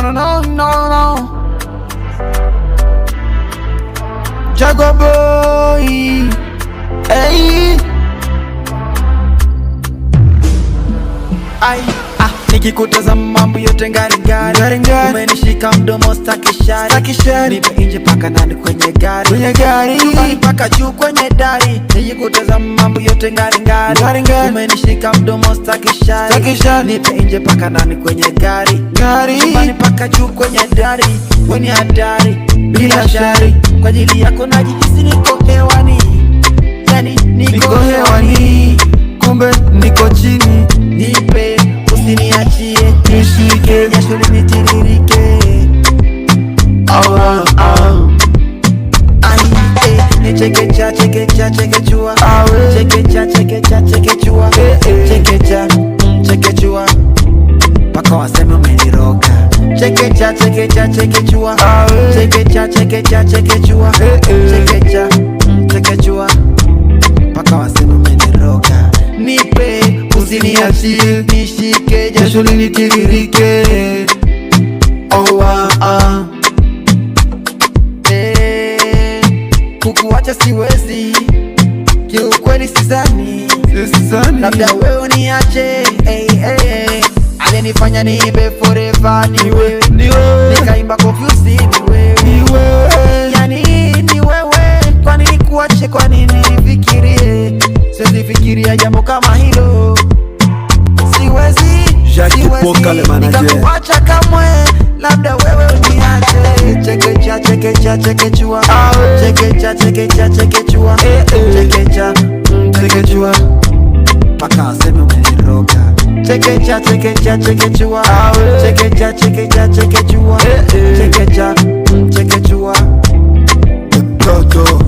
no, no, no, no, no. Jago boy, hey. Ai, ah, nikikutazama mambo yote ngari ngari ngari, ngari, umenishika mdomo staki shari staki shari, nipe inje paka ndani kwenye gari kwenye gari, ndani paka juu kwenye dari, nikikutazama mambo yote ngari ngari ngari ngari, umenishika mdomo staki shari staki shari, nipe inje paka ndani kwenye gari gari mpaka juu kwenye dari, we hatari bila shari, kwa ajili yako najihisi niko hewani, yani niko hewani, kumbe niko chini. Nipe usiniachie, nishike jasho linitiririke, eh, nichekecha chekecha chekechua chekecha chekecha chekecha chekechua chekecha chekecha chekechua chekecha chekechua mpaka wasema umeniroga, nipe usiniachie, nishike jasho linitiririke. Owa ah. eh, siwezi, kiukweli sizani, labda weo niache hey, hey aliyenifanya niibe forever ni wewe, nikaimba confused ni wewe, yani ni wewe. Kwa nini kuache? Kwa nini nifikirie? Siwezi fikiria jambo kama hilo, siwezi nikakuacha kamwe, labda wewe uniache. Chekecha chekecha chekechua, chekecha chekecha chekechua, eh, eh. chekecha chekechua chekecha chekecha chekechua chekecha chekecha chekechua chekecha chekechua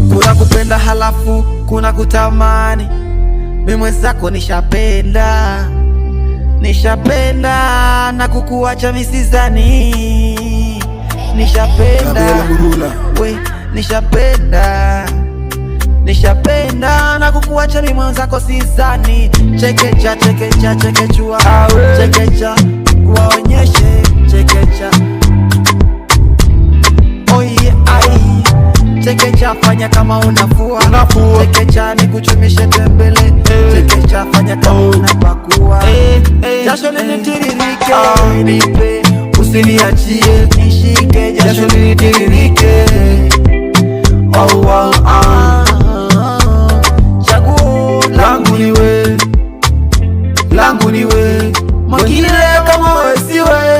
kuna kupenda halafu kuna kutamani mimi mwenzako nishapenda nishapenda na kukuacha misizani nishapenda we nishapenda nishapenda na kukuacha mimi mwenzako sizani. Chekecha chekecha chekechua chekecha waonyeshe chekecha Chekecha fanya kama unafua, unafua. Chekecha ni kuchumishe tembele hey. Eh. Chekecha fanya kama oh. unapakua hey, eh, eh. hey, jasho linitiririke hey. Ah. Nipe usiniachie, nishike jasho linitiririke oh, wow. Oh. langu ni wewe, mwingine kama wewe si wewe